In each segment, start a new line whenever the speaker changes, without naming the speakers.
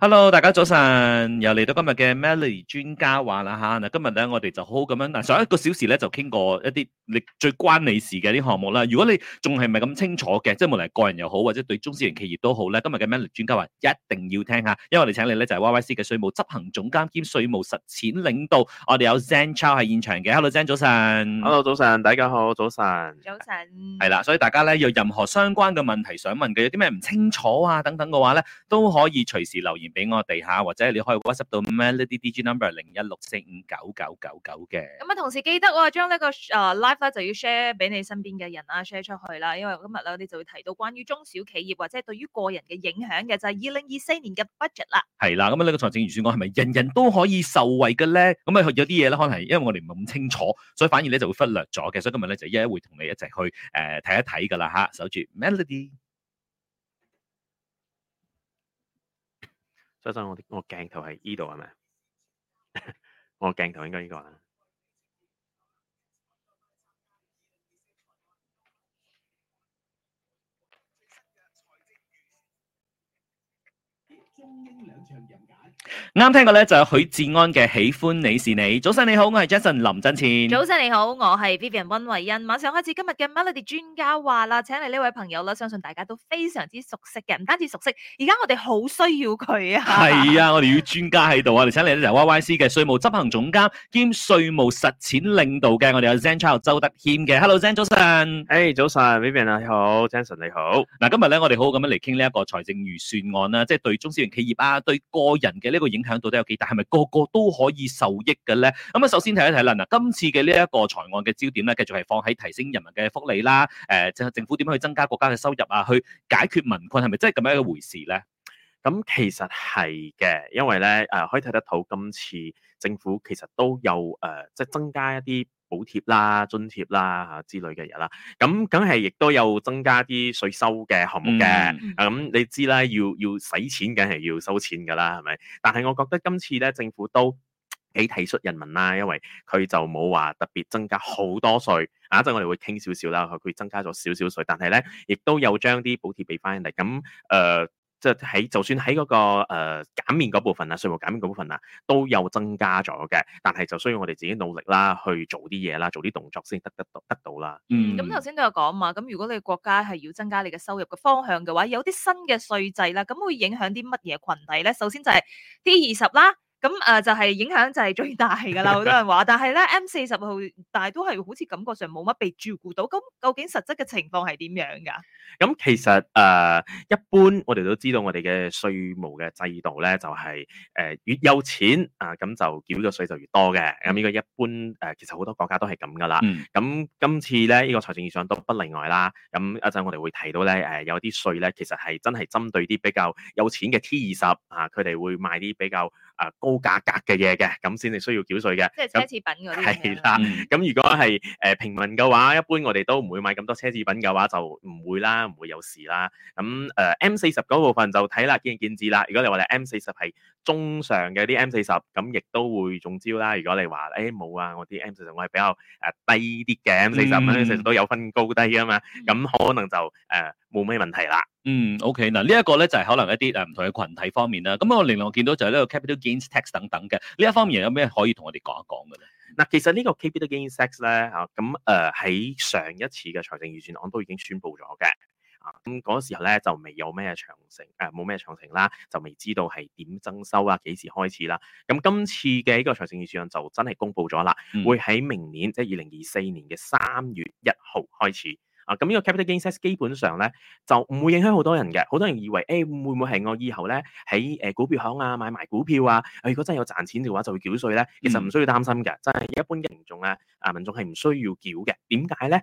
Hello，大家早晨，又嚟到今日嘅 Melody 專家話啦吓，嗱今日咧我哋就好好咁樣，嗱上一個小時咧就傾過一啲你最關你事嘅啲項目啦。如果你仲係唔係咁清楚嘅，即係無論係個人又好，或者對中小型企業都好咧，今日嘅 Melody 專家話一定要聽吓，因為我哋請你咧就係 YYC 嘅稅務執行總監兼稅務實踐領導，我哋有 Zen Chow 係現場嘅。Hello，Zen 早晨。Hello，早晨，大家好，早晨。早晨。係啦，所以大家咧有任何相關嘅問題想問嘅，有啲咩唔清楚啊等等嘅話咧，都可以隨時留言。留言俾我哋下，或者你可以 WhatsApp 到 Melody D G Number 零一六四五九九九九嘅。
咁啊，同時記得我將呢個誒 live 咧就要 share 俾你身邊嘅人啦，share 出去啦。因為今日咧，我哋就會提到關於中小企業或者對於個人嘅影響嘅，就係二零二四年嘅 budget 啦。
係啦，咁呢個財政預算案係咪人人都可以受惠嘅咧？咁啊，有啲嘢咧，可能因為我哋唔係咁清楚，所以反而咧就會忽略咗嘅。所以今日咧就一一會同你一齊去誒睇、呃、一睇噶啦嚇。守住 Melody。
所以，我啲我鏡頭係呢度係咪？ 我鏡頭應該呢個。
啱聽過咧，就係許志安嘅喜歡你是你。早晨你好，我係 Jason 林振乾。早
晨你好，我係 Vivian 溫慧欣。馬上開始今日嘅 Melody 專家話啦，請嚟呢位朋友啦，相信大家都非常之熟悉嘅，唔單止熟悉，而家我哋好需要佢啊。係
啊，我哋要專家喺度啊，嚟，請嚟呢，由 YYC 嘅稅務執行總監兼稅務實踐領導嘅我哋有 Zen Chow 周德謙嘅，Hello Zen，早晨。誒，早晨，Vivian 你好，Jason 你好。嗱，今日咧我哋好好咁樣嚟傾呢一個財政預算案啦，即係對中小型企業啊，對個人嘅。呢個影響到底有幾大？係咪個個都可以受益嘅咧？咁啊，首先睇一睇啦。嗱，今次嘅呢一個財案嘅焦點咧，繼續係放喺提升人民嘅福利啦。誒、呃，政府點樣去增加國家嘅收入啊？去解決民困係咪真係咁
樣一個回事咧？咁、嗯、其實係嘅，因為咧誒、呃，可以睇得到今次政府其實都有誒、呃，即係增加一啲。補貼啦、津貼啦啊之類嘅嘢啦，咁梗係亦都有增加啲稅收嘅項目嘅。咁、嗯嗯啊、你知啦，要要使錢，梗係要收錢噶啦，係咪？但係我覺得今次咧，政府都幾體恤人民啦，因為佢就冇話特別增加好多稅。一陣我哋會傾少少啦，佢增加咗少少稅，但係咧，亦都有將啲補貼俾翻人哋。咁誒。呃即係喺就算喺嗰、那個誒、呃、減免嗰部分啊，稅務減免嗰部分啊，都有增加咗嘅，但係就需要我哋自己努力啦，去做啲嘢啦，做啲動作先得得到得到啦。
嗯，咁頭先都有講嘛，咁如果你國家係要增加你嘅收入嘅方向嘅話，有啲新嘅稅制啦，咁會影響啲乜嘢群體咧？首先就係 T20 啦。咁誒、嗯、就係、是、影響就係最大噶啦， 好多人話。但係咧 M 四十號，但係都係好似感覺上冇乜被照顧到。咁究竟實質嘅情況係點樣噶？咁、嗯
嗯、其實誒、呃、一般，我哋都知道我哋嘅稅務嘅制度咧，就係、是、誒、呃、越有錢啊咁就繳嘅稅就越多嘅。咁呢個一般誒、呃，其實好多國家都係咁噶啦。咁、嗯、今次咧呢、這個財政預算都不例外啦。咁一陣我哋會提到咧誒、呃、有啲稅咧，其實係真係針對啲比較有錢嘅 T 二十啊，佢哋會賣啲比較。啊高價格嘅嘢嘅，咁先至需要繳稅嘅，即係奢侈
品嗰啲。係
啦，咁如果係誒、呃、平民嘅話，一般我哋都唔會買咁多奢侈品嘅話，就唔會啦，唔會有事啦。咁誒、呃、M 四十嗰部分就睇啦，見仁見智啦。如果你話你 M 四十係中上嘅啲 M 四十，咁亦都會中招啦。如果你話誒冇啊，我啲 M 四十我係比較誒、呃、低啲嘅 M 四十，咁其實都有分高低噶嘛。咁可能就誒。呃冇咩問題啦。
嗯，OK，嗱呢一個咧就係可能一啲誒唔同嘅群體方面啦。咁我另外見到就係呢個 capital gains tax 等等嘅呢一方
面有咩可以同我哋講一講嘅咧？嗱，其實呢個 capital gains tax 咧嚇咁誒喺上一次嘅財政預算案都已經宣布咗嘅。咁、啊、嗰時候咧就未有咩長城誒冇咩長城啦，就未知道係點徵收啊，幾時開始啦。咁、啊、今次嘅呢個財政預算案就真係公布咗啦，嗯、會喺明年即係二零二四年嘅三月一號開始。啊，咁呢個 capital gains tax 基本上咧就唔會影響好多人嘅，好多人以為，誒、哎、會唔會係我以後咧喺誒股票行啊買埋股票啊，如果真係有賺錢嘅話就會繳稅咧，其實唔需要擔心嘅，嗯、真係一般嘅民眾咧啊民眾係唔需要繳嘅，點解咧？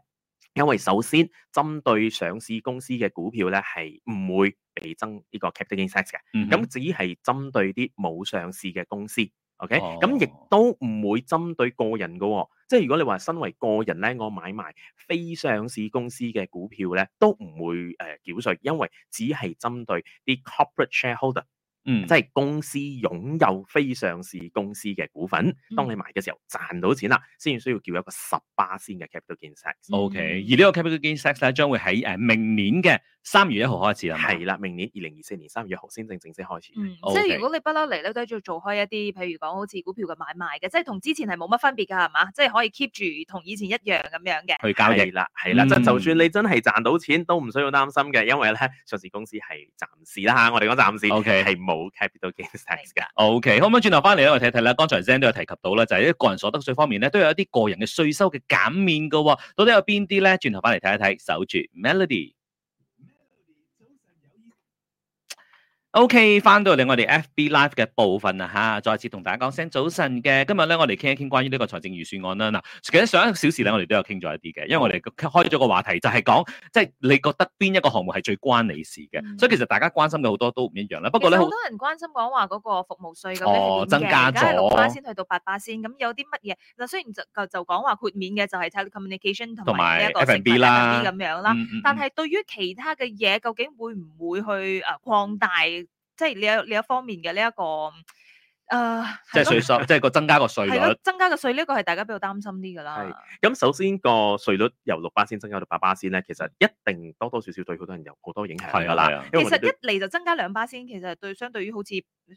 因為首先針對上市公司嘅股票咧係唔會被徵呢個 capital gains tax 嘅，咁、嗯、哼只係針對啲冇上市嘅公司。OK，咁亦都唔會針對個人嘅喎、哦，即係如果你話身為個人咧，我買埋非上市公司嘅股票咧，都唔會誒繳稅，因為只係針對啲 corporate shareholder，嗯，即係公司擁有非上市公司嘅股份，嗯、當你買嘅時候賺到錢啦，先至需要叫一個十巴仙嘅 capital gains tax。嗯、OK，而呢個 capital gains tax 咧，將會喺誒明年嘅三月一號開始啦，係啦，明年二零二四年三月一號先正正式開始。嗯、okay, 即係如果
你不嬲嚟咧，都係要做開一啲，譬如講好似股票嘅買賣嘅，即係同之前係冇乜分別噶，係嘛？即係可以 keep 住同以前一樣咁樣嘅去交易
啦，係啦，即係、嗯、就算你真係賺到錢，都唔需要擔心嘅，因為咧上市公司係暫時啦吓，我哋講暫時，O K 係冇 capital gains tax 噶。
的 o、okay, K，好唔可以轉頭翻嚟咧，我睇睇啦，剛才 Zen 都有提及到啦，就係、是、一個人所得稅方面咧，都有一啲個人嘅稅收嘅減免噶、哦，到底有邊啲咧？轉頭翻嚟睇一睇，守住 Melody。O.K. 翻到嚟我哋 F.B. Live 嘅部分啊。吓，再次同大家講聲早晨嘅。今日咧我哋傾一傾關於呢個財政預算案啦。嗱，其實上一個小時咧我哋都有傾咗一啲嘅，因為我哋開咗個話題就係講，即係你覺得邊一個項目係最關你事嘅。嗯、所以其實大家關心嘅好多都唔一樣啦。不過咧好多
人關心講話嗰個服務稅咁樣增加即係六巴先去到八巴先。咁有啲乜嘢嗱？雖然就就就講話豁免嘅就係 telecommunication 同埋呢一個 FB 等咁樣啦。但係對於其他嘅嘢，究竟會唔會去誒擴大？即係你有你一方面嘅呢一個，誒、
呃，即係稅收，都即係
個增加個稅率，
增加個稅呢個係大家比較擔心啲噶啦。
咁首先個稅率由六巴先增加到八巴先咧，其實一定多多少少對好多人有好多影響噶啦。啊啊、其實一
嚟就增加兩巴先，其實對相對於好似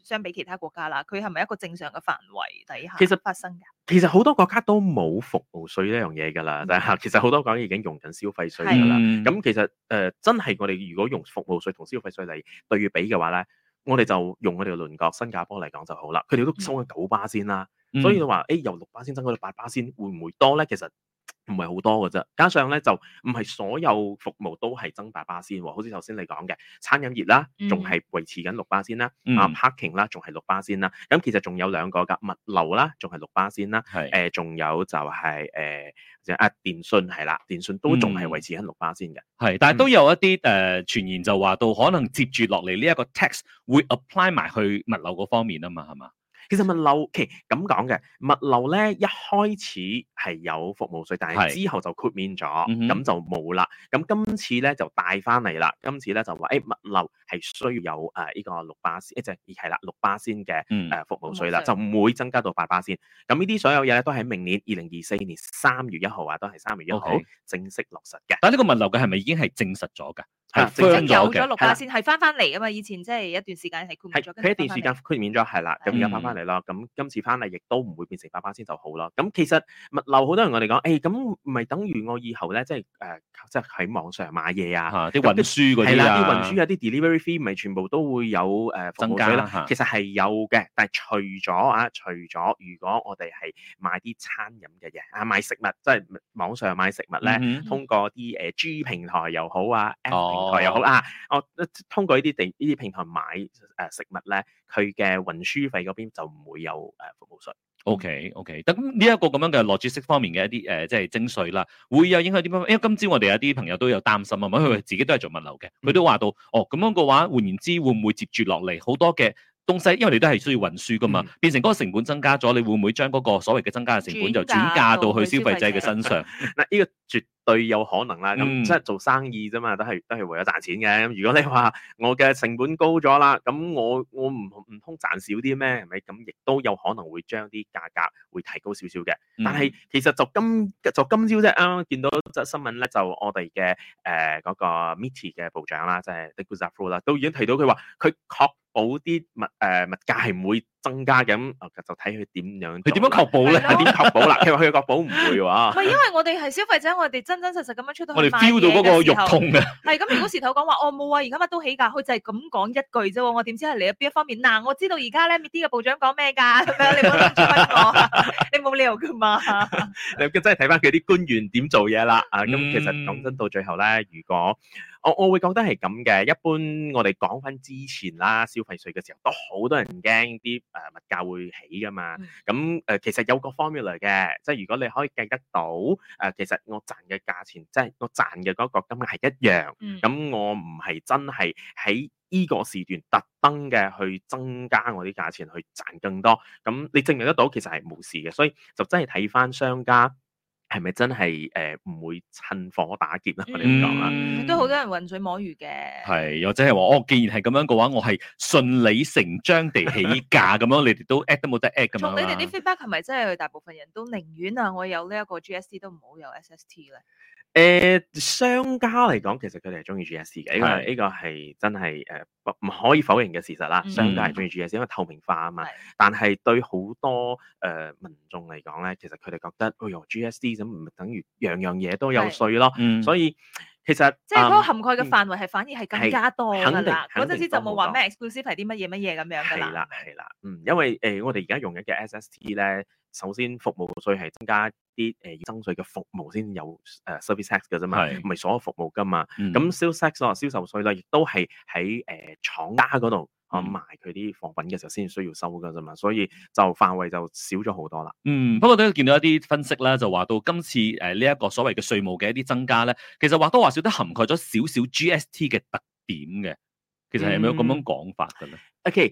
相比其他國家啦，佢係咪一個正常嘅範圍底下其？其實發生噶，其
實好多國家都冇服務稅呢樣嘢噶啦，吓、嗯，其實好多國家已經用緊消費稅噶啦。咁的、嗯、其實誒真係我哋如果，如果用服務稅同消費稅嚟對比嘅話咧。我哋就用我哋嘅鄰國新加坡嚟講就好了他們了啦，佢哋都收緊九巴仙啦，所以你話，誒、欸、由六巴仙增加到八巴仙，會唔會多呢？其實。唔係好多嘅啫，加上咧就唔係所有服務都係增八巴先，好似頭先你講嘅餐飲業啦，仲係維持緊六巴先啦，啊 parking 啦仲係六巴先啦，咁其實仲有兩個噶物流啦，仲係六巴先啦，係，誒仲有就係、即係、誒、呃、啊電信係啦，電信都仲係維持緊六巴先嘅。
係，但係都有一啲誒、呃、傳
言就話到可能接住落嚟呢一個 tax 會 apply 埋去物流個方面啊嘛，係嘛？其實物流，其實咁講嘅物流咧，一開始係有服務稅，但係之後就豁免咗，咁、嗯、就冇啦。咁今次咧就帶翻嚟啦。今次咧就話，誒、欸、物流係需要有誒呢、呃這個六巴仙即係，係啦六巴仙嘅誒服務稅啦，嗯、就唔會增加到八巴仙。咁呢啲所有嘢都喺明年二零二四年三月一號啊，都係三月一號正式落實嘅。Okay. 但係呢個物流嘅係咪已經係證實咗㗎？啊、正正有咗六巴仙，
係翻翻嚟啊嘛！以前即係一段時間係豁免咗，佢是一段時間
豁免咗，係啦、啊，咁而家翻翻嚟啦，咁今、嗯、次翻嚟亦都唔會變成八巴仙就好啦。咁其實物流好多人我哋講，誒咁唔係等於我以後咧，即係誒即係喺網上買嘢啊，啲運輸嗰啲啊，啲運輸啊啲 delivery fee 咪全部都會有誒、呃、增加啦。啊、其實係有嘅，但係除咗啊，除咗如果我哋係買啲餐飲嘅嘢啊，買食物即係網上買食物咧，通過啲誒 G 平台又好啊，又好啦，哦、我通過呢啲地呢啲平台買誒、呃、食物咧，佢嘅運輸費嗰邊就唔會有誒、呃、服務稅。
O K O K，但呢一個咁樣嘅 logistic 方面嘅一啲誒，即係徵稅啦，會有影響點樣？因為今朝我哋有啲朋友都有擔心啊，因佢自己都係做物流嘅，佢都話到哦，咁樣嘅話，換言之，會唔會接住落嚟好多嘅東西？因為你都係需要運輸噶嘛，嗯、變成嗰個成本增加咗，你
會唔會將嗰個所謂嘅增加嘅成本就轉嫁到去消費者嘅身上？嗱、嗯，呢個絕。嗯嗯。對，有可能啦，咁即係做生意啫嘛，都係都係為咗賺錢嘅。咁如果你話我嘅成本高咗啦，咁我我唔唔通賺少啲咩？係咪？咁亦都有可能會將啲價格會提高少少嘅。嗯、但係其實就今就今朝啫、啊，啱見到則新聞咧，就我哋嘅誒嗰個 e 提嘅部長啦，即係 The Good Stuff 啦，都已經提到佢話佢確保啲物誒、呃、物價係唔會。增加。咁，就睇佢點樣，佢點樣確保咧？係點 確保啦？佢話佢個保唔會喎、啊。唔係， 因
為我哋係消費者，我哋真真實實咁樣出去到去我哋 feel 到嗰個肉痛嘅。 係、嗯、咁，如果時頭講話哦冇啊，而家乜都起㗎，佢就係咁講一句啫喎。我點知係嚟喺邊一方面嗱、啊？我知道而家咧，Madani 嘅部長講咩㗎？咁樣你冇得錯，你冇
理由㗎嘛。 你真係睇翻佢啲官員點做嘢啦。啊，咁、嗯嗯、其實講真，到最後咧，如果我我會覺得係咁嘅，一般我哋講翻之前啦，消費稅嘅時候都好多人驚啲誒物價會起噶嘛。咁誒、mm. 嗯呃、其實有個 formula 嘅，即係如果你可以計得到誒、呃，其實我賺嘅價錢即係、就是、我賺嘅嗰個金額係一樣。咁、mm. 嗯、我唔係真係喺依個時段特登嘅去增加我啲價錢去賺更多。咁、嗯、你證明得到其實係冇事嘅，所以就真係睇翻商家。係咪真係誒唔會趁火打劫啊？嗯、我哋唔講啦，
都好多人渾水摸魚嘅。
係，又或者係話哦，既然係咁
樣嘅話，我係順理成章地起價咁樣。 你哋都 at 都冇得 at 咁樣啦。咁你哋啲
feedback 係咪真係大部分人都寧願啊？我有呢一個 GST 都唔好有 SST 咧？
誒商家嚟講，其實佢哋係中意 G S C 嘅的，因為呢個係真係誒，唔、呃、可以否認嘅事實啦。嗯、商家係中意 G S C，因為透明化啊嘛。的但係對好多誒、呃、民眾嚟講咧，其實佢哋覺得，哎呦 G S C 咁唔係等於樣樣嘢都有稅咯，嗯、所以。其實即係嗰個涵蓋嘅範
圍係反而係更加多噶啦，嗰陣、嗯、時就冇話咩 exclusive 係啲乜嘢乜嘢咁樣噶啦。係啦
係啦，嗯，因為誒、呃、我哋而家用緊嘅 SST 咧，首先服務稅係增加啲誒、呃、增值稅嘅服務先有誒、呃、service tax 嘅啫嘛，唔係的所有服務噶嘛。咁 sales tax 咯，銷那燒、嗯、售稅咧，亦都係喺誒廠家嗰度。我賣佢啲貨品嘅時候先需要收噶啫嘛，所以就範圍就少咗好多啦。嗯，不過都見到一啲分析啦，就話到今次誒呢一個所謂嘅稅務嘅一啲增
加咧，其實或多或少都涵蓋咗少少 GST 嘅特點嘅。其實係咪有咁樣
講法嘅咧？嗯 OK，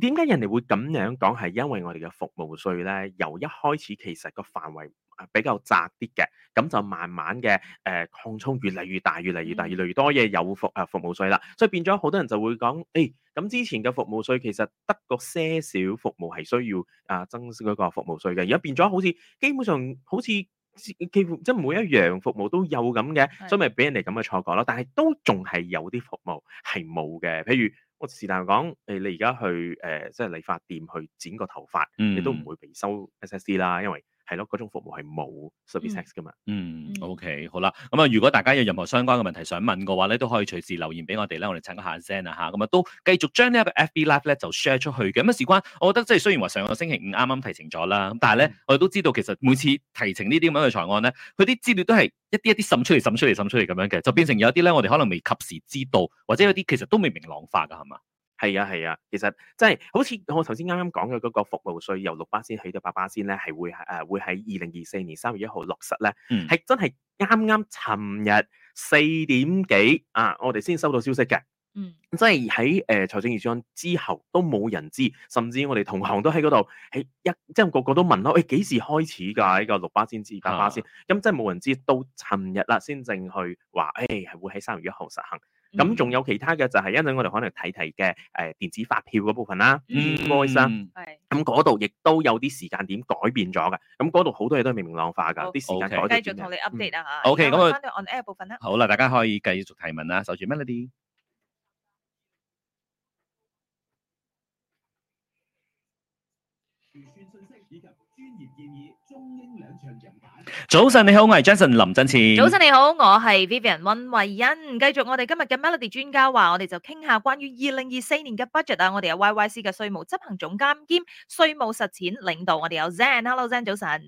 點解人哋會咁樣講？係因為我哋嘅服務稅咧，由一開始其實個範圍。比較窄啲嘅，咁就慢慢嘅誒擴充，越嚟越大，越嚟越大，越嚟越多嘢有服誒服務稅啦。所以變咗好多人就會講，誒、欸、咁之前嘅服務稅其實得個些少服務係需要啊增嗰個服務稅嘅，而家變咗好似基本上好似幾乎即係每一樣服務都有咁嘅，是的 所以咪俾人哋咁嘅錯覺咯。但係都仲係有啲服務係冇嘅，譬如我是但講誒，你而家去誒、呃、即係理髮店去剪個頭髮，你都唔會被收 SSD 啦，因為。係咯，嗰種服務係冇 service tax 噶嘛。嗯，OK，好啦，
咁啊，如果大家有任何相關嘅問題想問嘅話咧，都可以隨時留言俾我哋咧，我哋請下聲啊吓，咁、嗯、啊都繼續將呢一個 FB Live 咧就 share 出去嘅。咁啊，事關，我覺得即係雖然話上個星期五啱啱提呈咗啦，但係咧、嗯、我哋都知道，其實每次提呈呢啲咁樣嘅財案咧，佢啲資料都係一啲一啲滲出嚟、滲出嚟、滲出嚟咁樣嘅，就變成有啲咧我哋可能未及時知道，或者有啲其實都未明朗化噶，係嘛？
係啊係啊，其實即係好似我頭先啱啱講嘅嗰個服務稅由六巴先起到八巴先咧，係會誒、呃、會喺二零二四年三月一號落實咧，係、嗯、真係啱啱尋日四點幾啊，我哋先收到消息嘅，嗯、即係喺誒財政預算案之後都冇人知，甚至我哋同行都喺嗰度喺一即係個，個個都問咯，喂、哎、幾時開始噶呢、呢個六巴先至八巴先，咁、啊嗯、真係冇人知，到尋日啦先正去話誒係會喺三月一號實行。咁仲有其他嘅就係一陣我哋可能睇睇嘅誒電子發票嗰部分啦，invoice 啊，咁嗰度亦都有啲時間點改變咗嘅，咁嗰度好多嘢都係明明朗化噶，啲時間改咗。繼續同你
update 啊吓，OK，咁啊，on air 部分咧，好啦，
大家可以繼續提問啦，守住 melody。預算信息以
及專業建議。早晨，你好，我係 Jason 林振前。早晨，你好，
我係 Vivian 溫慧欣。繼續我哋今日嘅 Melody 專家話，我哋就傾下關於二零二四年嘅 budget 啊。我哋有 YYC 嘅稅務執行總監兼稅務實踐領導，我哋有 Zen，Hello Zen，早晨。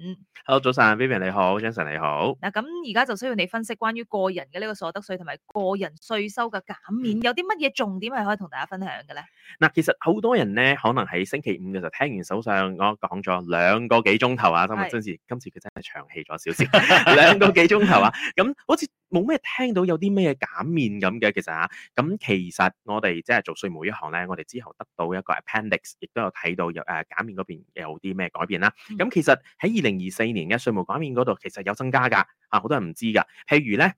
Hello 早晨，Vivian 你好，Jason 你好。
嗱，咁而家就需要你分析關於個人嘅呢個所得稅同埋個人稅收嘅減免，有啲乜嘢重點係可以同大家分享嘅咧？
嗱，其實好多人咧，可能喺星期五嘅時候聽完首相我講咗兩個幾鐘頭啊，今日。今次今次佢真係長氣咗少少，兩 個幾鐘頭啊！咁、 嗯、好似冇咩聽到有啲咩減免咁嘅，其實啊，咁、嗯嗯、其實我哋即係做稅務一行咧，我哋之後得到一個 appendix，亦都有睇到有誒減免嗰邊有啲咩改變啦、啊。咁、嗯嗯、其實喺二零二四年嘅稅務減免嗰度，其實有增加㗎啊！好多人唔知㗎，譬如咧。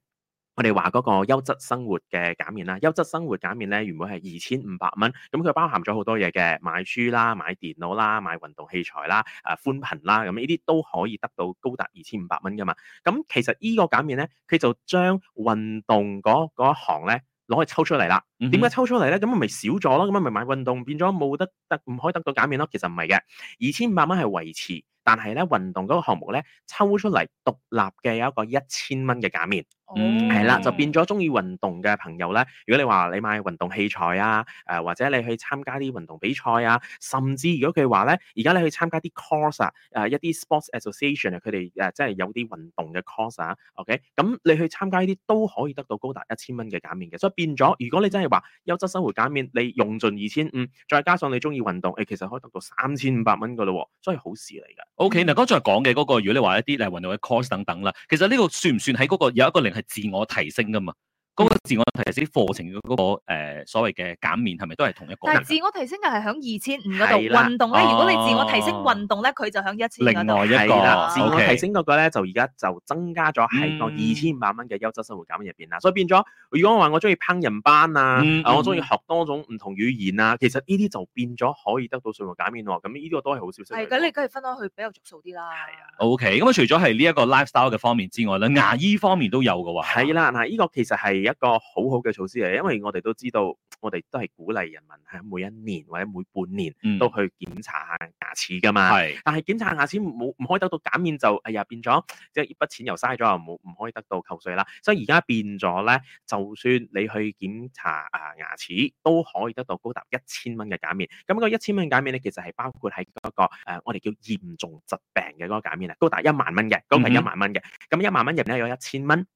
我哋話嗰個優質生活嘅減免啦，優質生活減免咧原本係二千五百蚊，咁佢包含咗好多嘢嘅，買書啦、買電腦啦、買運動器材啦、誒、啊、寬頻啦，咁呢啲都可以得到高達二千五百蚊噶嘛。咁其實個呢個減免咧，佢就將運動嗰一行咧攞去抽出嚟啦。點解、嗯、哼抽出嚟咧？咁咪少咗咯，咁咪買運動變咗冇得得唔可以得到減免咯？其實唔係嘅，二千五百蚊係維持，但係咧運動嗰個項目咧抽出嚟獨立嘅有一個一千蚊嘅減免。嗯，係啦、mm.，就變咗中意運動嘅朋友咧。如果你話你買運動器材啊，誒、呃、或者你去參加啲運動比賽啊，甚至如果佢話咧，而家你去參加啲 course 啊，誒、呃、一啲 sports association 啊，佢哋誒即係有啲運動嘅 course 啊，OK，咁你去參加呢啲都可以得到高達一千蚊嘅減免嘅。所以變咗，如果你真係話優質生活減免，你用盡二千五，再加上你中意運動，誒、欸、其實可以得到三千五百蚊噶咯喎，所以好事嚟噶。OK，嗱，剛才講嘅嗰個，如果你話一啲誒運動嘅 course 等等啦，其實呢個算唔算喺嗰個有一個零
自我提升噶嘛？嗰個自我提升課程嗰嗰、那個誒、呃、所謂嘅減免係咪都係
同一個？但係自
我提升又係響二千五嗰度運動咧。如果你自我提升運動咧，佢、哦、就響一千五嗰度。另外一個的 okay. 自我提升
嗰個咧，就而家就增加咗喺個二千五百蚊嘅優質生活減免入邊啦。所以變咗，如果我話我中意烹飪班啊，嗯、啊我中意學多種唔同語言啊，其實呢啲就變咗可以得到稅務減免喎、啊。咁呢啲個都係好消息，係
咁，你梗係分開去比較俗數啲啦。係
啊。O K，咁啊除咗係呢一個 lifestyle 嘅方面之外咧，牙醫方面都有嘅話。
係啦、嗯，牙醫個其實係。一個好好嘅措施嚟，因為我哋都知道，我哋都係鼓勵人民喺每一年或者每半年都去檢查下牙齒噶嘛。係、嗯，但係檢查牙齒冇唔可以得到減免就，哎呀變咗，即係呢筆錢又嘥咗，又冇唔可以得到扣稅啦。所以而家變咗咧，就算你去檢查啊牙齒都可以得到高達一千蚊嘅減免。咁個一千蚊減免咧，其實係包括喺嗰、嗰個、呃、我哋叫嚴重疾病嘅嗰個減免啊，高達一萬、高達一萬、嗯、哼一萬蚊嘅，高達一萬蚊嘅。咁一萬蚊入面咧有一千蚊。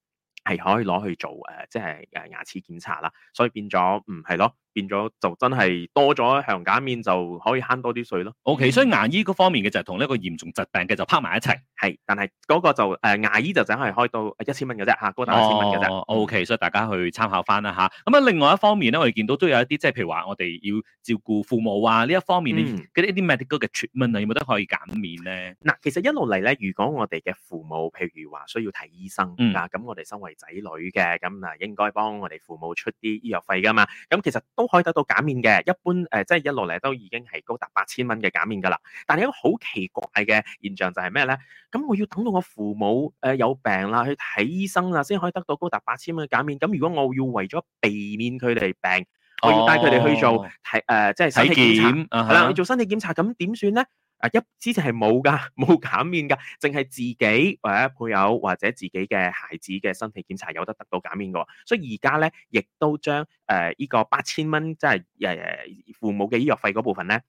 係可以攞去做誒，即係誒牙齒檢查啦，所以變咗，唔係咯。變咗就真係多咗一項減免就可以慳多啲稅咯。OK，所以牙醫嗰方面嘅就係同呢一個嚴重疾病嘅就拋埋一齊，係，但係嗰個就誒牙醫就淨係開到一千蚊嘅啫嚇，高達一千
蚊嘅啫。Oh, OK，嗯、所以大家去參考翻啦吓，咁啊，另外一方面咧，我哋見到都有一啲即係譬如話我哋
要照顧父母啊呢一方面咧嗰啲一啲 medical 嘅 treatment 啊，嗯、療療有冇得可以減免咧？嗱，其實一路嚟咧，如果我哋嘅父母譬如話需要睇醫生啊，咁、嗯、我哋身為仔女嘅咁啊，應該幫我哋父母出啲醫藥費噶嘛。咁其實都都可以得到減免嘅，一般誒即係一路嚟都已經係高達八千蚊嘅減免噶啦。但係一個好奇怪嘅現象就係咩咧？咁我要等到我父母誒、呃、有病啦，去睇醫生啦，先可以得到高達八千蚊嘅減免。咁如果我要為咗避免佢哋病，哦、我要帶佢哋去做體誒即係體檢查，係啦，uh huh。做身體檢查，咁點算咧？啊一之前係冇噶，冇減免噶，淨係自己或者配偶或者自己嘅孩子嘅身體檢查有得得到減免噶，所以而家咧亦都將誒呢個八千蚊即係誒父母嘅醫藥費嗰部分咧，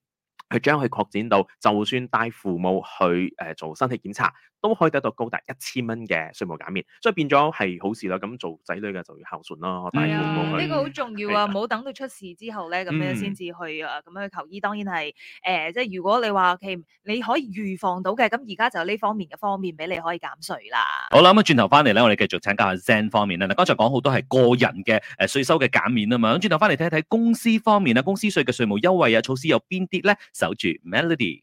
去將佢擴展到就算帶父母去誒、呃、做身體檢查。都可以得到高達一千蚊嘅稅務減免，所以變咗係好事啦。咁做仔女嘅就要孝順咯。係啊，呢、嗯、個好
重要啊，唔好、啊、等到出事之後咧，咁樣先至去啊，咁、嗯、樣求醫。當然係誒，即、呃、係如果你話你可以預防到嘅，咁而家就呢方面嘅方便俾你可以減稅啦。
好啦，咁啊轉頭翻嚟咧，我哋繼續請教下 Zen 方面啦。嗱，剛才講好多係個人嘅誒稅收嘅減免啊嘛，咁轉頭翻嚟睇一睇公司方面啦，公司稅嘅稅務優惠啊措施有邊啲咧？守住 Melody。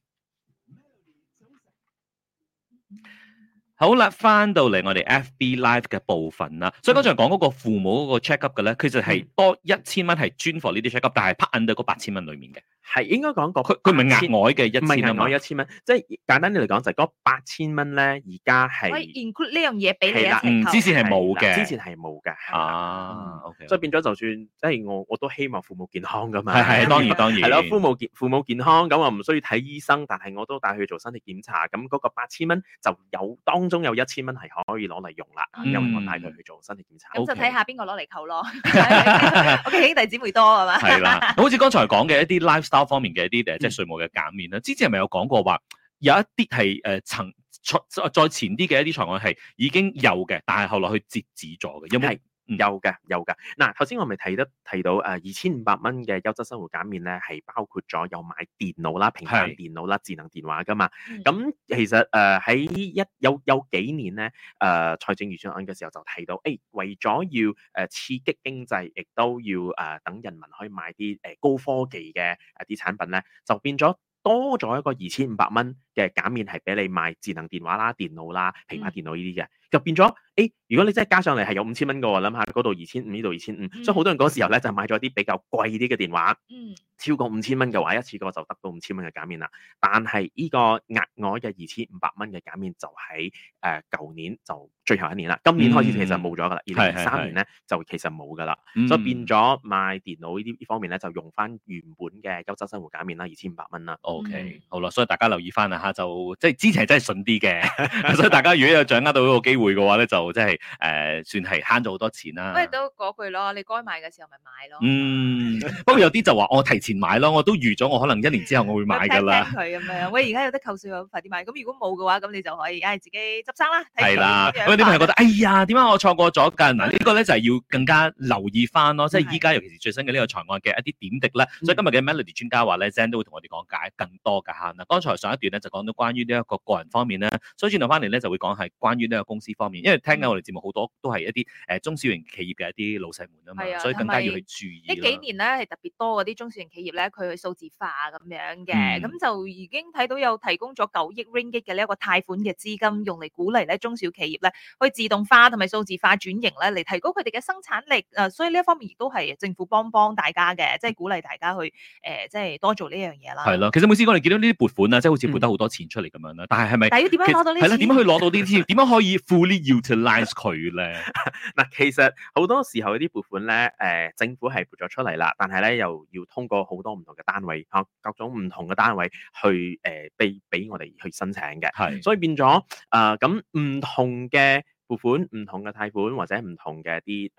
好啦，翻到嚟我哋 FB Live 嘅部分啦，所以剛才講嗰個父母嗰個 check up 嘅咧，佢、嗯、就係多一千蚊係專 for 呢啲 check up，但係 part under 嗰
八千蚊裏面嘅，係應該講講佢佢唔係額外嘅一千，一千蚊，即係簡單啲嚟講就係嗰八千蚊咧，而家係
include 呢樣嘢俾你。係啦，嗯，之前係冇嘅，之前
係冇嘅，啊，OK，, okay. 所以變咗就算即係我我都希望父母健康噶嘛，係當然當然係咯，父母健父母健康咁我唔需要睇醫生，但係我都帶佢做身體檢查，咁嗰個八千蚊就有當。中有一千蚊係可以攞嚟用啦，因為我帶佢去做身體檢
查。咁、嗯、就睇下邊個攞嚟扣咯。 我嘅，兄弟姊妹多係嘛。係啦。好
似剛才
講嘅一啲 lifestyle 方面嘅一啲誒，嗯、即係稅務嘅減免啦。之前係咪有講過話有一啲係
誒層再前啲嘅一啲財政係已經有嘅，但係後來去截止咗嘅，因為。嗯、有嘅，有嘅。嗱、啊，頭先我咪提得提到誒二千五百蚊嘅優質生活減免咧，係包括咗有買電腦啦、平板電腦啦、的智能電話噶嘛。咁、嗯、其實誒喺、呃、一有有幾年咧誒、呃、財政預算案嘅時候就提到，誒、欸、為咗要誒刺激經濟，亦都要誒、呃、等人民可以買啲誒高科技嘅一啲產品咧，就變咗多咗一個二千五百蚊。嘅減免係俾你買智能電話啦、電腦啦、平板電腦呢啲嘅，嗯、就變咗，誒、欸，如果你真係加上嚟係有五千蚊嘅喎，諗下嗰度二千五呢度二千五，所以好多人嗰時候咧就買咗啲比較貴啲嘅電話，嗯、超過五千蚊嘅話一次過就得到五千蚊嘅減免啦。但係呢個額外嘅二千五百蚊嘅減免就喺誒舊年就最後一年啦，今年開始其實冇咗噶啦，二零二三年咧、嗯、就其實冇噶啦，嗯、所以變咗賣電腦呢啲呢方面咧就用翻原本嘅優質生活減免啦，二千五百蚊啦。O K，、嗯嗯、好啦，所以大家留意翻啊。就即係之前
真係順啲嘅，所以大家如果有掌握到呢個機會嘅話咧，就真係誒算係慳咗好多錢啦。喂，
都嗰句咯，你該買嘅時候咪買
咯。嗯，不過有啲就話我提前買咯，我都預咗我可能一年之後我會買㗎啦。咁樣，
喂，而家有得扣稅，我快啲買。咁如果冇嘅話，咁你就可以梗係自己執生啦。係啦，喂，啲人覺得
哎呀，點解我錯過咗㗎？嗱，呢個咧就係要更加留意翻咯，即係依家尤其是最新嘅呢個財案嘅一啲點滴咧。所以今日嘅 Melody 專家話咧，Zen 都會同我哋講解更多㗎嚇。嗱，剛才上一段咧就。講到關於呢一個個人方面咧，所以轉頭翻嚟咧就會講係關於呢個公司方面，因為聽緊我哋節目好多都係一啲誒、呃、中小型企業嘅一啲老細們啊嘛，啊所以更加要去注意。呢幾
年咧係特別多嗰啲中小型企業咧，佢去數字化咁樣嘅，咁、嗯、就已經睇到有提供咗九億 Ringgit 嘅一個貸款嘅資金，用嚟鼓勵咧中小企業咧去自動化同埋數字化轉型咧，嚟提高佢哋嘅生產力啊、呃，所以呢一方面亦都係政府幫幫大家嘅，即、就、係、是、鼓勵大家去誒，即、呃、係、就是、多做呢樣嘢啦。
係咯，其實每次我哋見到呢啲撥款啊，即係好似撥得好多、嗯。攞錢出嚟咁樣啦，但係係咪？但
係要點樣攞到呢？啲？啦，點樣去攞
到啲錢？點樣可以 fully utilize 佢咧？嗱，其實好多時候啲撥款咧，誒、呃，政府係撥咗出嚟啦，但係咧又要通過好多唔同嘅單位，各種唔同嘅單位去誒，俾、呃、俾我哋去申請嘅，係是，所以變咗誒咁唔同嘅。付款唔同嘅貸款或者唔同嘅啲誒，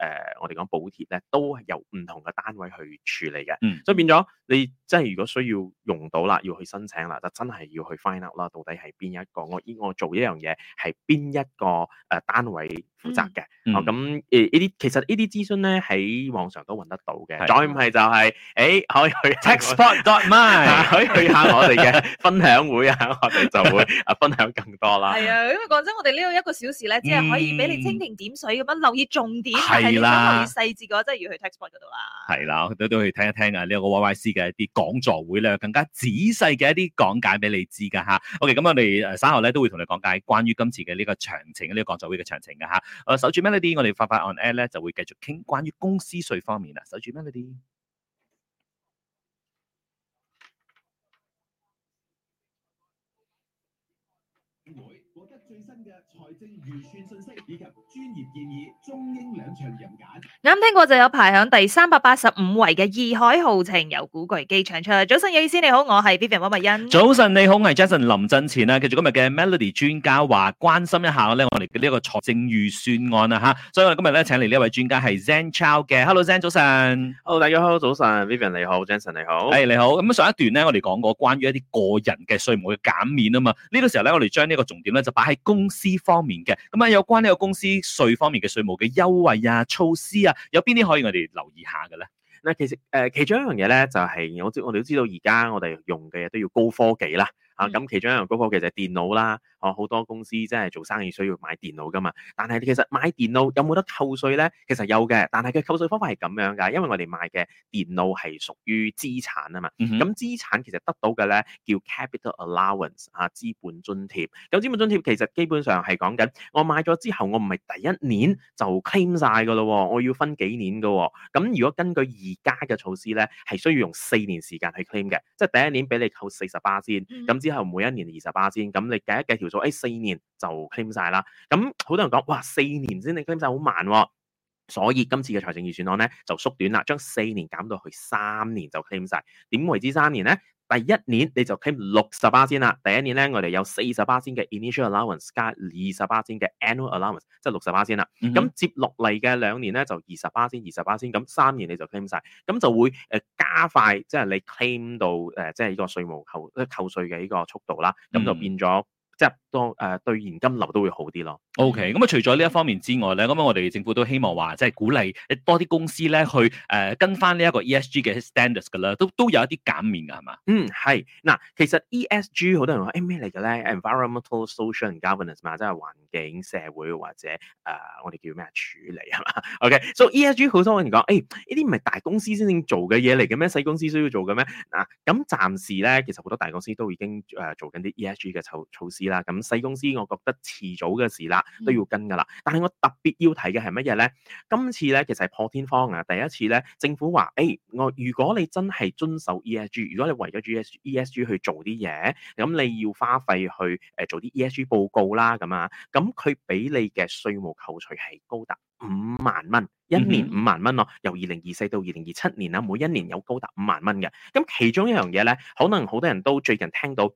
我哋講補貼咧，都係由唔同嘅單位去處理嘅。嗯，所以變咗你真係如果需要用到啦，要去申請啦，就真係要去 find out 啦。到底係邊一個？我依我做一樣嘢係邊一個誒、呃、單位？負責嘅，咁誒呢啲其實諮詢呢啲資訊咧喺網上都揾得到嘅，的再唔係就係、是、誒、哎、可以去 TaxPOD.com 可以去下我哋嘅分享會啊， 我哋就會啊分享更多啦。係啊，
因為講真，我哋呢度一個小時咧，只係可以俾你蜻蜓點水咁樣、嗯、留意重點的，係啦，細節嘅話真係要去 TaxPOD
度啦。係啦，都都去聽一聽啊呢、這個 Y Y C 嘅一啲講座會咧，更加仔細嘅一啲講解俾你知噶吓。OK，咁、嗯、我哋稍、呃、稍後咧都會同你講解關於今次嘅呢個詳情呢、這個講座會嘅詳情噶吓。誒，uh, 守住咩呢啲？我哋快快 on air 咧，就會繼續傾關於公司稅方面啦。守住咩呢啲？
專業建議，中英
兩場任揀。啱、嗯、聽過就有排響第三百八十五位嘅義海豪情」由古巨基唱出。早晨有意思你好，我係 Vivian 溫文欣。
早晨你好，我係 Jason 林振前啦。跟住今日嘅 Melody 專家話關心一下咧，我哋嘅呢一個財政預算案啦吓，所以我今日咧請嚟呢一位專家係 Zen Chow 嘅。Hello Zen，早晨。Hello、oh, 大家，Hello 早晨，Vivian 你好，Jason 你好。誒你好，咁、哎、上一段咧我哋講過關於一啲個人嘅稅務嘅減免啊嘛，呢、這個時候咧我哋將呢個重點咧就擺喺公司方面嘅，咁啊有關呢個公司。稅方面嘅稅務嘅優惠啊、措施啊，有邊啲可以我哋留意一
下嘅呢？嗱，其實、呃、其中一樣嘢咧，就係、是、我知我哋都知道，而家我哋用嘅嘢都要高科技啦。啊，咁其中一樣嗰個其實係電腦啦，哦、啊，好多公司即係做生意需要買電腦噶嘛。但係其實買電腦有冇得扣稅咧？其實有嘅，但係佢扣稅方法係咁樣㗎，因為我哋買嘅電腦係屬於資產啊嘛。咁資、嗯、哼產其實得到嘅咧叫 capital allowance 啊資本津貼。咁資本津貼其實基本上係講緊我買咗之後，我唔係第一年就 claim 晒㗎咯，我要分幾年㗎。咁如果根據而家嘅措施咧，係需要用四年時間去 claim 嘅，即係第一年俾你扣四十巴仙，咁、嗯。之後每一年二十八先，咁你計一計條數，誒、哎、四年就 claim 曬啦。咁好多人講，哇，四年先你 claim 曬好慢喎、哦，所以今次嘅財政預算案咧就縮短啦，將四年減到去三年就 claim 曬。點為之三年咧？第一年你就 claim 六十八先啦，第一年咧我哋有四十八先嘅 initial allowance 加二十八先嘅 annual allowance，即係六十八先啦。咁、嗯、哼接落嚟嘅兩年咧就二十八先，二十八先，咁三年你就 claim 晒，咁就會誒加快即係、就是、你 claim 到誒即係呢個稅務扣誒扣稅嘅呢個速度啦，咁就變咗。即係當誒對現金流都會好啲咯。O K.
咁啊除咗呢一方面之外咧，咁啊我哋政府都希望話即係鼓勵多啲公司咧去誒、呃、跟翻呢一個 E S G 嘅 standards 噶啦，都都有一
啲減免噶係嘛。嗯係。嗱，其實 E S G 好多人話咩嚟嘅咧，environmental social governance 嘛，即係環境、社會或者誒、呃、我哋叫咩處理係嘛。O、okay, K. so E S G 好多人講誒呢啲唔係大公司先至做嘅嘢嚟嘅咩？細公司需要做嘅咩？嗱，咁暫時咧其實好多大公司都已經誒做緊啲 E S G 嘅措施。啦，咁細公司我覺得遲早嘅事啦，都要跟噶啦。但係我特別要睇嘅係乜嘢咧？今次咧其實係破天荒啊！第一次咧，政府話，誒、欸，我如果你真係遵守 ESG，如果你為咗 ESG 去做啲嘢，咁你要花費去誒、呃、做啲 ESG 報告啦，咁啊，咁佢俾你嘅稅務扣除係高達五萬蚊，一年五萬蚊咯、哦，嗯、哼由二零二四到二零二七年啊，每一年有高達五萬蚊嘅。咁其中一樣嘢咧，可能好多人都最近聽到。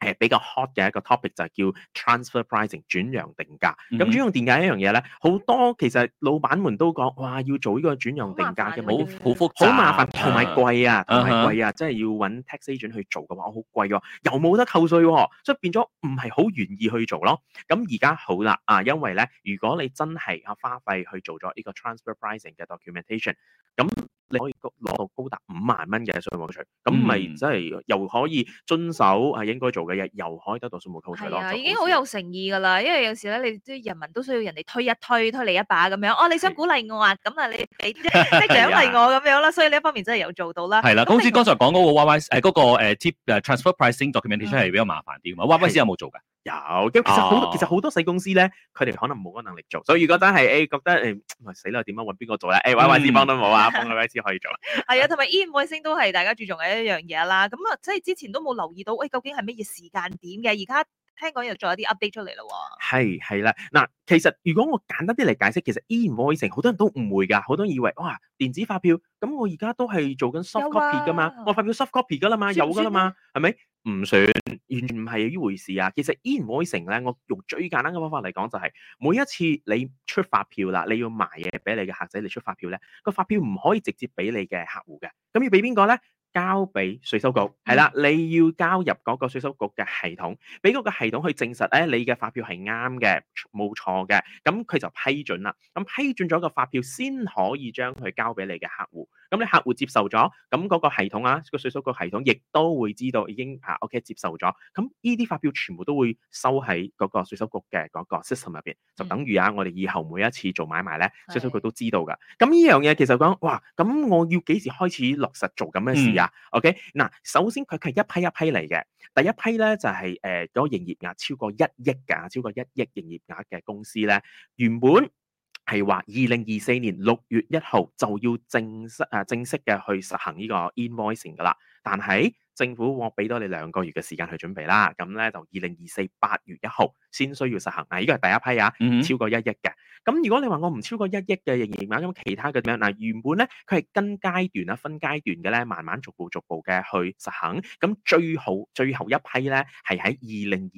誒比較 hot 嘅一個 topic 就係叫 transfer pricing，轉讓定價。咁轉讓定價一樣嘢咧，好多其實老闆們都講，哇，要做呢個轉讓定價嘅，好複雜好麻煩，同埋貴啊，同埋貴啊，uh huh. 即係要揾 tax agent 去做嘅話，好貴喎、啊，又冇得扣稅喎、啊，所以變咗唔係好願意去做咯。咁而家好啦，啊，因為咧，如果你真係啊花費去做咗呢個 transfer pricing 嘅 documentation，咁你可以攞到高達五萬蚊嘅稅網取，咁咪即係又可以遵守係應該做。你又又可以得到數目扣除咯，已經
好有誠意噶啦，因為有時咧，你啲人民都需要人哋推一推，推你一把咁樣。哦，你想鼓勵我啊，咁啊是的，你你即係獎勵我咁樣啦。 的所以呢一方面真係有做到啦。係
啦的，好似剛才講嗰個 YYC 誒嗰個 tip、呃、transfer pricing documentation 係比較麻煩啲嘛，YYC 有冇做㗎？有，其實好、哦，其實
好多細公司咧，佢哋可能冇個能力做，所以如果真係誒、哎、覺得誒，死、哎、啦，點樣揾邊個做咧？誒、哎，威威斯邦都冇啊，幫個位斯可以做
啊，係啊， 同埋 E 五衛星都係大家注重嘅一樣嘢啦。咁啊，即係之前都冇留意到，誒、哎，究竟係乜嘢時間點嘅？而家聽講又做有啲 update 出嚟啦喎。
係係啦，嗱，其實如果我簡單啲嚟解釋，其實 E 五衛星好多人都唔會㗎，好多，人多人以為哇，哇，哇，電子發票咁，我而家都係做緊 soft copy 㗎嘛，啊、我發票 soft copy 㗎啦嘛，算算有㗎啦嘛，係咪？唔算，完全唔係呢回事啊！其實 invoicing 咧，我用最簡單嘅方法嚟講，就係，就係每一次你出發票啦，你要賣嘢俾你嘅客仔，你出發票咧，個發票唔可以直接俾你嘅客戶嘅，咁要俾邊個咧？交俾稅收局，係啦，你要交入嗰個稅收局嘅系統，俾嗰個系統去證實咧，你嘅發票係啱嘅，冇錯嘅，咁佢就批准啦。咁批准咗個發票，先可以將佢交俾你嘅客戶。咁你客戶接受咗，咁嗰個系統啊，個稅收局系統亦都會知道已經啊 OK 接受咗，咁呢啲發票全部都會收喺嗰個稅收局嘅嗰個 system 入邊，就等於啊，我哋以後每一次做買賣咧，稅收局都知道噶。咁呢樣嘢其實講哇，咁我要幾時開始落實做咁嘅事啊？嗯。OK，嗱，首先佢佢係一批一批嚟嘅，第一批咧就係誒嗰營業額超過一億㗎，超過一億營業額嘅公司咧，原本。係話二零二四年六月一號就要正式啊、呃，正式嘅去實行呢個 invoicing 噶啦，但係。政府我俾多你兩個月嘅時間去準備啦，咁咧就二零二四八月一號先需要實行嗱，依個係第一批啊，超過一億嘅。咁、mm hmm. 如果你話我唔超過一億嘅營業額，咁其他嘅點樣嗱？原本咧佢係跟階段啦、分階段嘅咧，慢慢逐步逐步嘅去實行。咁最好最後一批咧係喺二零二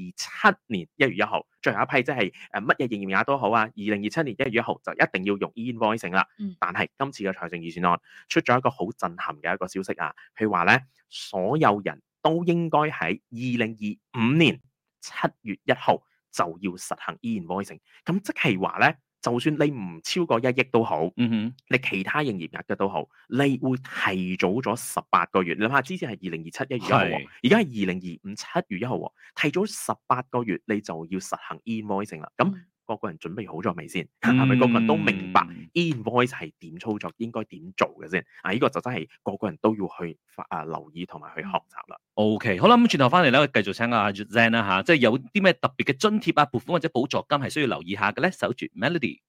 七年一月一號，最後一批即係誒乜嘢營業額都好啊，二零二七年一月一號就一定要用 invoicing 啦。Mm hmm. 但係今次嘅財政預算案出咗一個好震撼嘅一個消息啊，譬如話咧。所有人都應該喺二零二五年七月一號就要實行 e-invoicing 咁即係話咧，就算你唔超過一億都好，嗯哼，你其他營業額嘅都好，你會提早咗十八個月。你諗下，之前係二零二七一月一號，而家係二零二五七月一號，提早十八個月，你就要實行 e-invoicing 啦。咁。各個人準備好咗未先？係咪、嗯、個人都明白 invoice 係點操作，應該點做嘅先？啊，依、這個就真係個個人都要去發啊留意同埋去學習啦。
OK，好啦，咁、嗯、轉頭翻嚟咧，我繼續請阿 Zen 啦嚇，即係有啲咩特別嘅津貼啊、撥款或者補助金係需要留意下嘅咧，守住 Melody。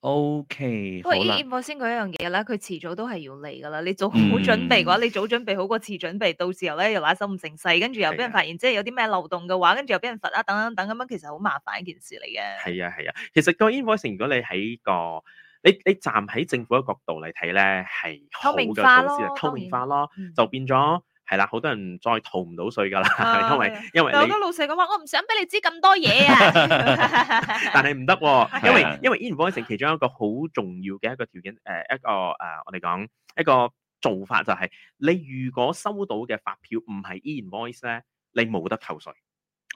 O
K，不過 e-invoice 先講一樣嘢啦，佢遲早都係要嚟噶啦。你早好準備嘅話，嗯、你早準備好過遲準備，到時候咧又拿手唔成勢，跟住又俾人發現，即係、啊、有啲咩漏洞嘅話，跟住又俾人罰啦，等等等咁樣，其實好麻煩一件事嚟嘅。
係啊係啊，其實個 invoice 如果你喺個你你站喺政府嘅角度嚟睇咧，係好嘅措施啦，透明化咯，就變咗。嗯係啦，好多人再逃唔到稅噶啦，因為的因為你老
實講話，我唔想俾你知咁多嘢啊。但
係唔得喎，因為因為 invoice 其中一個好重要嘅一個條件，誒、呃、一個誒、呃、我哋講一個做法就係、是，你如果收到嘅發票唔係 invoice 咧，你冇得扣稅。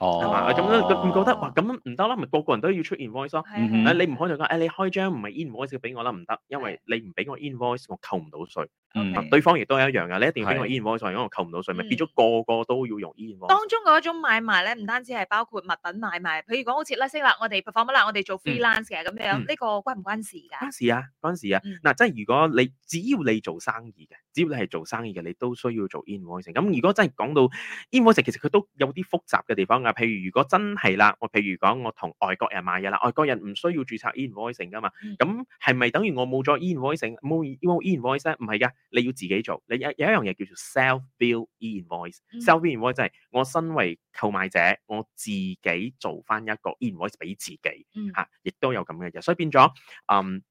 哦，係嘛？咁佢覺得哇，咁唔得啦，咪、就、個、是、個人都要出 invoice 咯。你唔可以就講，誒、哎、你開張唔係 invoice 嘅俾我啦，唔得，因為你唔俾我 invoice，我扣唔到稅。Okay. 對方亦都係一樣噶，你一定要用 invoice，所以扣唔到稅咪，嗯、變咗個個都要用 invoice。當
中嗰一種買賣咧，唔單止係包括物品買賣，譬如講好似啦，識啦，我哋放啦，我哋做 freelance 嘅咁樣，呢個關唔關事噶？嗯嗯、關事
啊，關事啊。嗱、嗯啊，即係如果你只要你做生意嘅，只要你係做生意嘅，你都需要做 invoice。咁如果真係講到 invoice，其實佢都有啲複雜嘅地方噶、啊。譬如如果真係啦，我譬如講我同外國人買嘢啦，外國人唔需要註冊 invoice 嘅嘛，咁係咪等於我冇咗 invoice？冇 invoice？唔係㗎。你要自己做，你有有一樣嘢叫做 self bill invoice，self、嗯、bill invoice 就係我身為購買者，我自己做翻一個 invoice 俾自己，吓、嗯啊，亦都有咁嘅嘢，所以變咗，嗯。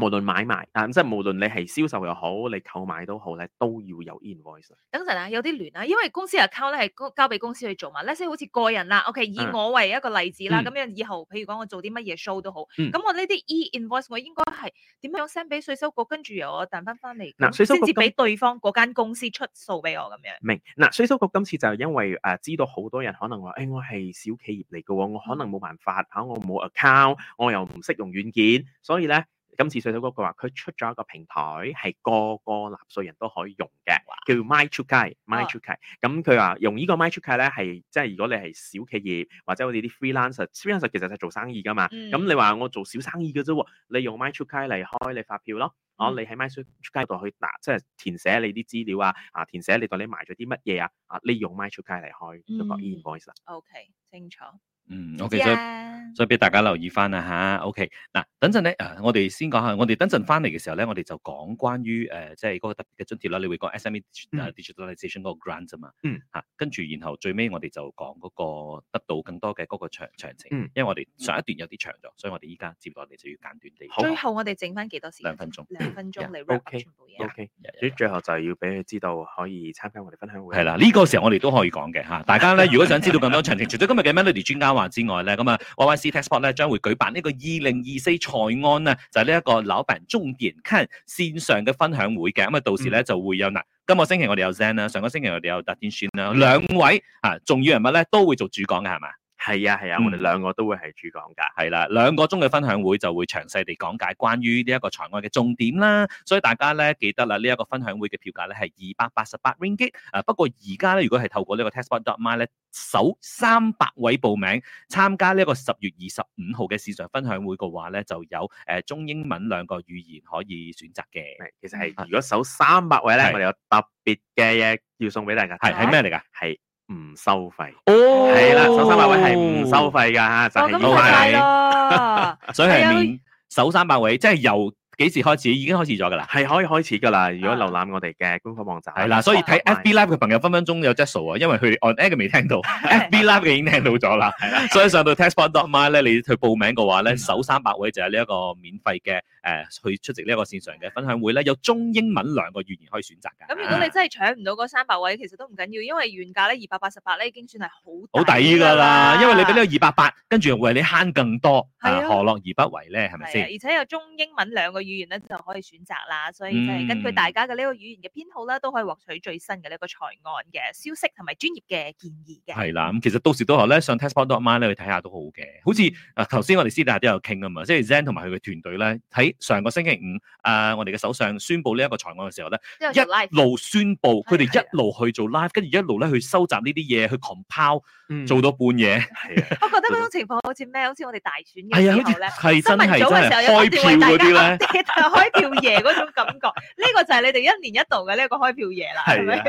無論買賣啊，即係無論你係銷售又好，你購買都好咧，都要有 invoice。
等陣啊，有啲亂啊，因為公司 account 係交交俾公司去做嘛。咧，即係好似個人啦、啊、，OK，以我為一個例子啦、啊，咁、嗯、樣以後，譬如講我做啲乜嘢 show 都好，咁、嗯、我呢啲 e-invoice 我應該係點樣 send 俾稅收局？跟住由我彈翻翻嚟嗱，稅收局先至俾對方嗰間公司出數俾我咁樣。
明嗱、嗯，稅、嗯、收局今次就係因為誒、啊、知道好多人可能話，誒、哎、我係小企業嚟嘅，我可能冇辦法吓，嗯、我冇 account，我又唔識用軟件，所以咧。今次水手哥佢話，佢出咗一個平台，係個個納稅人都可以用嘅，哇叫 MyChuKai My、哦。m y 咁佢話用個 My 呢個 MyChuKai 咧，係即係如果你係小企業或者我哋啲 freelancer，freelancer fre 其實就係做生意噶嘛。咁、嗯嗯、你話我做小生意嘅啫喎，你用 MyChuKai 嚟開你發票咯。哦、嗯，你喺 MyChuKai 度去嗱，即係填寫你啲資料啊，啊填寫你到底買咗啲乜嘢啊，啊你用 MyChuKai 嚟
開都講 invoice，咁意思啦。嗯、o、okay, K，清楚。嗯，OK，所以所俾大家留
意翻啦吓，OK，嗱，等陣咧，誒，我哋先講下，我哋等陣翻嚟嘅時候咧，我哋就講關於誒，即係嗰個特別嘅津貼啦，你會講 SME digitalization 嗰個 grant 啊嘛，嗯，吓，跟住然後最尾我哋就講嗰個得到更多嘅嗰個長詳情，因為我哋上一段有啲長咗，
所以我哋依家接落嚟就要簡短地好，最後
我哋整翻幾多時間？兩分鐘，兩分鐘 o
k o k 最最後就係要俾佢知道可以參加我哋分享會，係啦，呢個時候我哋都可以講嘅吓，
大家咧如果想知道更多詳情，除咗今日嘅 Melody 專家.之外咧，咁啊，Y Y C Textport 咧，將會舉辦個財呢個二零二四財案啊，就係呢一個老闆中年坑線上嘅分享會嘅，咁啊，到時咧就會有嗱，嗯、今個星期我哋有，en，我有 in, Zen 啦，上個星期我哋有達天宣啦，兩位啊重要人物咧都會做主講嘅，係嘛？係啊係啊，我哋兩個都會係主講噶，係啦、嗯啊，兩個鐘嘅分享會就會詳細地講解關於呢一個財案嘅重點啦。所以大家咧記得啦，呢、這、一個分享會嘅票價咧係二百八十八 ringgit、啊。不過而家咧如果係透過個呢個 t e s t p o n c o m 咧，首三百位報名參加呢一個十月二十五號嘅線上分享會嘅話咧，就有誒、呃、中英文兩個語言可以選擇嘅。其實係。如果
首三百位咧，我哋是有特別嘅嘢要送俾大家。係，係咩嚟噶？係。唔收費哦，係啦，首三百位係唔收費噶吓，就係咁咪
所以係
免
首三百位，即係由。幾時開始？已經開始咗㗎啦，係可以開始㗎啦。如果瀏覽我哋嘅官方網站，係啦，所以睇
FB Live 嘅朋友分分鐘有著數啊，因為佢 on air 嘅未聽到 ，FB Live 嘅已經聽到咗啦，係啦。所以上到 testpoint.com 咧，你去報名嘅話咧，首三百位就係呢一個免費嘅誒、呃、去出席呢一個線上嘅分享會咧，有中英文兩個語言可以選擇㗎。咁如果你
真係搶唔到嗰三百位，啊、其實都唔緊要，因為原價咧二百八十八咧已經算係好好抵㗎啦，啊、因為你俾呢個
二百八，跟住為你慳更多，啊、的何樂而不為咧？係咪先？而
且有中英文兩個語言。語言咧就可以選擇啦，所以係根據大家嘅呢個語言嘅編號啦，都可以獲取最新嘅呢個財案嘅消息同埋專業嘅建議
嘅。係啦，咁其實到時到刻咧上 testpod.com 咧去睇下都好嘅。好似啊頭先我哋私底下都有傾啊嘛，即係 Zen 同埋佢嘅團隊咧喺上個星期五啊，我哋嘅首相宣布呢一個財案嘅時候咧，一路宣佈，佢哋一路去做 live，跟住一路咧去收集呢啲嘢去 compile。做到半夜，
係啊！我覺得嗰種情況好似咩？好似我哋大選嘅時候咧，係真係真係開票嗰啲咧，開票夜嗰種感覺。呢個就係你哋一年一度嘅呢個開票夜啦，係
咪？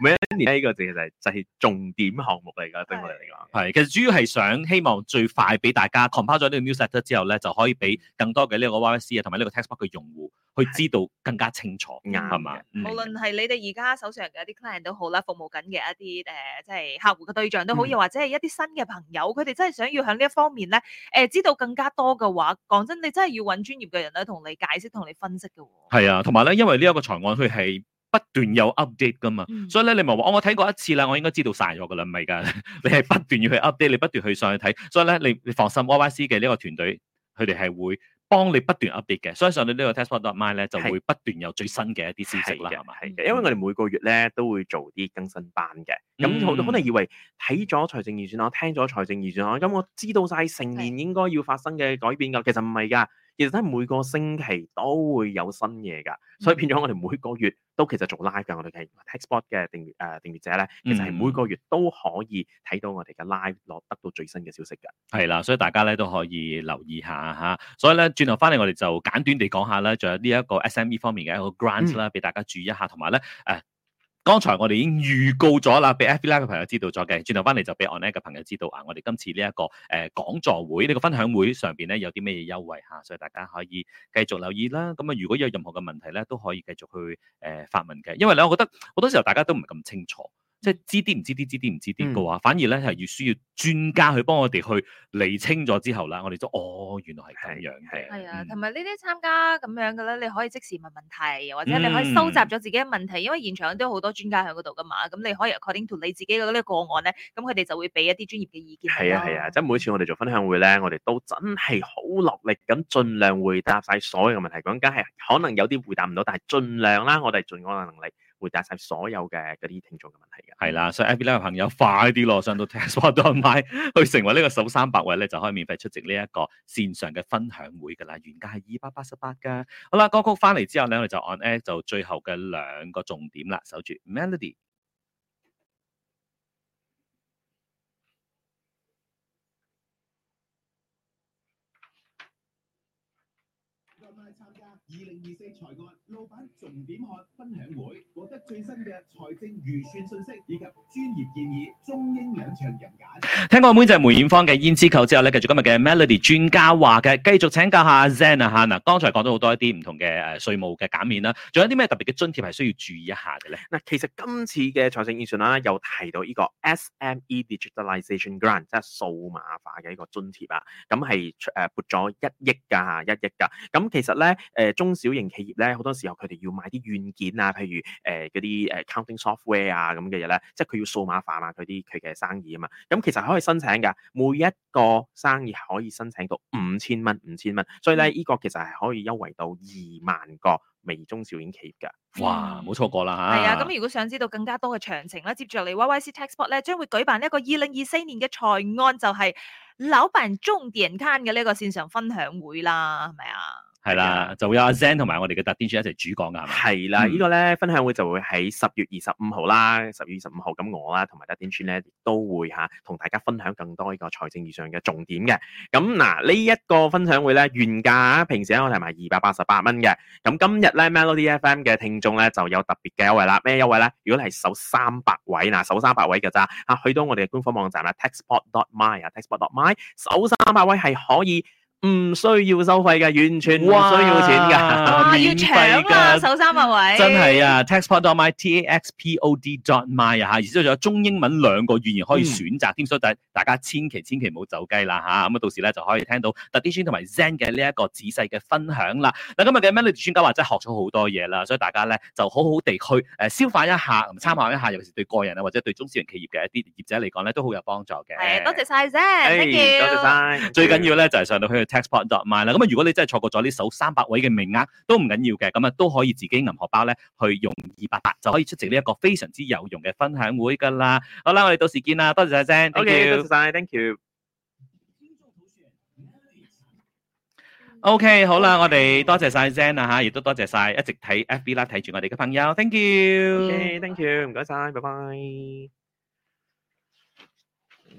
每一年呢個就係就係重點項目嚟噶，對我哋嚟講係。
其實主要係想希望最快俾大家 compare 咗呢個 Newsletter 之後咧，就可以俾更多嘅呢個 YYC 啊同埋呢個 Textbook 嘅用戶。佢知道更加清楚，啱係嘛？吧無
論係你哋而家手上嘅一啲 client 都好啦，服務緊嘅一啲誒，即、呃、係、就是、客戶嘅對象都好，又、嗯、或者係一啲新嘅朋友，佢哋真係想要向呢一方面咧，誒、呃，知道更加多嘅話，講真，你真係要搵專業嘅人咧，同你解釋，同你分析嘅、哦。
係啊，同埋咧，因為呢一個財案佢係不斷有 update 㗎嘛，嗯、所以咧你咪好話我睇過一次啦，我應該知道晒咗㗎啦，唔係㗎， 你係不斷要去 update，你不斷去上去睇，所以咧你你放心，Y Y C 嘅呢個團隊佢哋係會。幫你不斷 update 嘅，所以上到個 test 呢個 testpod online 咧就會不斷有最新
嘅一啲消息啦，係咪的吧？因為我哋每個月咧都會做啲更新班嘅，咁好多可能以為睇咗財政預算案，聽咗財政預算案，咁、嗯、我知道晒成年應該要發生嘅改變噶，其實唔係噶。其實真係每個星期都會有新嘢噶，所以變咗我哋每個月都其實做 live 嘅，我哋嘅 expert 嘅訂閱誒訂閱者咧，其實係每個月都可以睇到我哋嘅 live 落得到最新嘅消息噶。
係啦，所以大家咧都可以留意下吓。所以咧轉頭翻嚟，我哋就簡短地講下啦。仲有呢一個 SME 方面嘅一個 grant 啦，俾大家注意一下，同埋咧誒。剛才我哋已經預告咗啦，俾 FB 嘅朋友知道咗嘅，轉頭翻嚟就俾 online 嘅朋友知道啊！我哋今次呢、這、一個誒、呃、講座會呢、這個分享會上邊咧有啲咩優惠吓、啊，所以大家可以繼續留意啦。咁啊，如果有任何嘅問題咧，都可以繼續去誒、呃、發問嘅，因為咧，我覺得好多時候大家都唔係咁清楚。即係知啲唔知啲，知啲唔知啲嘅話，嗯、反而咧係越需要專家去幫我哋去理清咗之後啦，我哋都哦原來係咁樣。係啊
的，同埋呢啲參加咁樣嘅咧，你可以即時問問題，或者你可以收集咗自己嘅問題，因為現場都有好多專家喺嗰度噶嘛。咁你可以 according to 你自己嗰啲個案咧，咁佢哋就會俾一啲專業嘅意見。係啊係啊，
即係每次我哋做分享會咧，我哋都真係好落力咁，盡量回答晒所有嘅問題。咁梗係可能有啲回答唔到，但係儘量啦，我哋盡我嘅能力。回答晒所有嘅嗰啲聽眾嘅問
題，嘅，係啦，所以 FB 朋友快啲咯，上到 Tesla Online 去成為呢個首三百位咧，就可以免費出席呢一個線上嘅分享會噶啦，原價係二百八十八嘅。好啦，歌曲翻嚟之後咧，我哋就按 App 就最後嘅兩個重點啦，守住 Melody。
老闆重點看分享會，獲
得最新嘅財政預算信息以及專業建議。中英兩場講解。聽過妹仔梅艷芳嘅胭脂扣。之後咧，繼續今日嘅 Melody 專家話嘅，繼續請教下阿 Zen 啊吓，嗱，剛才講咗好多一啲唔同嘅誒稅務嘅減免啦，仲有啲咩特
別嘅津貼係需要注意一下嘅咧？嗱，其實今次嘅財政預算啦，又提到呢個 SME Digitalization Grant，即係數碼化嘅呢個津貼啊，咁係誒撥咗一億噶，一億噶，咁其實咧誒、呃、中小型企業咧好多時之後佢哋要買啲軟件啊，譬如誒嗰、呃、啲誒 accounting software 啊咁嘅嘢咧，即係佢要數碼化嘛，佢啲佢嘅生意啊嘛，咁、嗯、其實可以申請嘅，每一個生意可以申請到五千蚊，五千蚊，所以咧呢個其實係可以優惠到二萬個微中小型企業㗎。哇，冇錯過啦嚇。係、嗯、啊，
咁如果想知道更加多嘅詳情咧，接住嚟 Y Y C Taxbot 咧將會舉辦一個二零二四年嘅財案，就係老闆中電刊嘅呢個線上分享會啦，係咪啊？
係啦，就會有阿 Zen 同埋我哋嘅達天川一齊主講噶，係嘛？係啦，呢個咧分享會就會喺十月二十五號啦。十月二十五號，咁我啦，同埋達天川咧都會吓同大家分享更多呢個財政預算嘅重點嘅。咁嗱呢一個分享會咧原價平時咧我係賣二百八十八蚊嘅。咁今日咧 Melody FM 嘅聽眾咧就有特別嘅優惠啦。咩優惠咧？如果你係首三百位嗱，首三百位嘅咋吓，去到我哋嘅官方網站啊，taxpod.my e 啊，taxpod.my 首三百位係可以。唔需要收費嘅，完全唔需要錢噶，哇，免費噶，收
三啊，位是，真係啊
TaxPod.my T A X P O D Dot My 吓，而且仲有中英文兩個語言可以選擇，添、嗯。所以大大家千祈千祈唔好走雞啦吓，咁啊到時咧就可以聽到 Tradition 同埋 Zen 嘅呢一個仔細嘅分享啦。嗱，今日嘅 Melody 專家話真係學咗好多嘢啦，所以大家咧就好好地去誒消化一下，參考一下，尤其是對個人啊或者對中小型企業嘅一啲業者嚟講咧都好有幫助嘅。多
謝晒 Zen，多謝，多謝晒謝。
最緊要咧就係上到去 Taxpod.com 啦，咁啊，如果你真係錯過咗呢首三百位嘅名額，都唔緊要嘅，咁啊都可以自己銀荷包咧去用二百八就可以出席呢一個非常之有用嘅分享會㗎啦。好啦，我哋到時見啦，多謝曬 Zen。Okay，多謝曬，Thank you。Okay，好啦，我哋多謝曬 Zen 啊嚇，亦都多謝曬一直睇 FB 啦，睇住我哋嘅朋友，Thank you。Okay，Thank
you，唔該曬，拜拜。